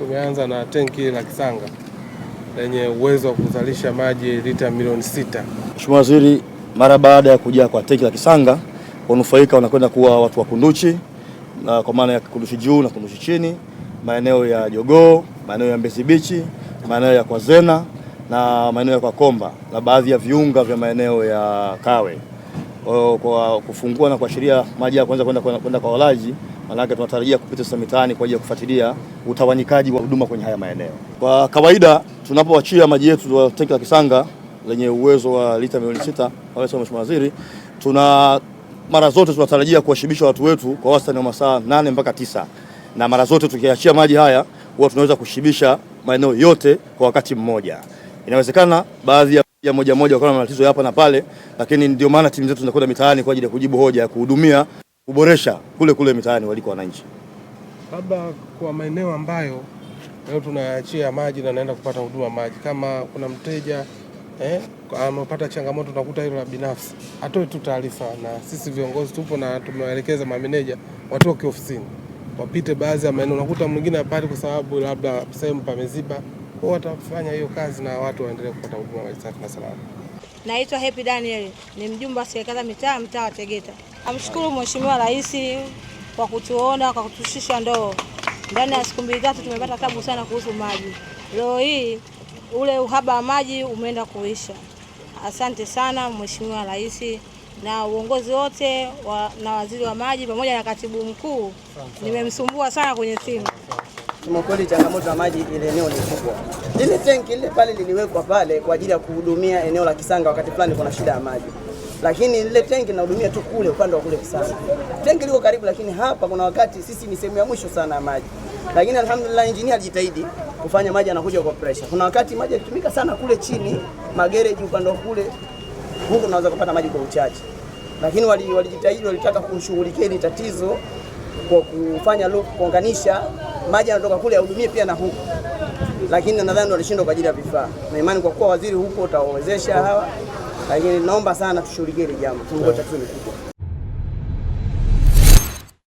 tumeanza na tenki la Kisanga lenye uwezo wa kuzalisha maji lita milioni sita. Mheshimiwa Waziri, mara baada ya kuja kwa tenki la Kisanga, wanufaika wanakwenda kuwa watu wa Kunduchi na kwa maana ya Kunduchi juu na Kunduchi chini, maeneo ya Jogoo, maeneo ya Mbezi Bichi, maeneo ya Kwazena na maeneo ya Kwakomba na baadhi ya viunga vya maeneo ya Kawe. Kwa kufungua na kuashiria maji ya kwanza kwenda kwa walaji Maanake tunatarajia kupita sasa mitaani kwa ajili ya kufuatilia utawanyikaji wa huduma kwenye haya maeneo. Kwa kawaida tunapoachia maji yetu wa tenki la Kisanga lenye uwezo wa lita milioni sita Mheshimiwa Waziri, tuna mara zote tunatarajia kuwashibisha watu wetu kwa wastani wa masaa nane mpaka tisa na mara zote tukiachia maji haya huwa tunaweza kushibisha maeneo yote kwa wakati mmoja. Inawezekana baadhi ya ya moja moja wakawa na matatizo hapa na pale, lakini ndio maana timu zetu zinakwenda mitaani kwa ajili ya kujibu hoja ya kuhudumia kuboresha kule kule mitaani waliko wananchi, labda kwa maeneo ambayo leo tunaachia maji na naenda kupata huduma maji, kama kuna mteja eh, amepata changamoto nakuta hilo la binafsi, atoe tu taarifa, na sisi viongozi tupo na tumewaelekeza mameneja watoke ofisini wapite baadhi ya maeneo, unakuta mwingine hapati kwa sababu labda sehemu pameziba, kwa watafanya hiyo kazi na watu waendelee kupata huduma maji safi na salama. Naitwa Happy Daniel, ni mjumbe wa serikali mitaa mtaa wa Tegeta. Namshukuru Mheshimiwa Rais kwa kutuona kwa kutushusha ndoo. Ndani ya siku mbili tatu tumepata tabu sana kuhusu maji. Leo hii ule uhaba wa maji umeenda kuisha. Asante sana Mheshimiwa Rais na uongozi wote wa, na waziri wa maji pamoja na katibu mkuu. Nimemsumbua sana kwenye simu. Kwa kweli, changamoto ya maji ile eneo ni kubwa. Lile tenki lile pale liliwekwa pale kwa ajili ya kuhudumia eneo la Kisanga, wakati fulani kuna shida ya maji lakini lile tenki nahudumia tu kule upande wa kule Kisana. Tenki liko karibu, lakini hapa kuna wakati sisi ni sehemu ya mwisho sana ya maji, lakini alhamdulillah engineer alijitahidi kufanya maji anakuja kwa pressure. Kuna wakati maji yalitumika sana kule chini magereji, upande wa kule huko tunaweza kupata maji kwa uchache, lakini walijitahidi, walitaka kushughulikia ile tatizo kwa kufanya loop, kuunganisha maji yanatoka kule yahudumie pia na huko, lakini nadhani walishindwa kwa ajili ya vifaa, na imani kwa kuwa waziri huko utawawezesha hawa lakini naomba sana tushughulikie hili jambo, tatizo ni kubwa.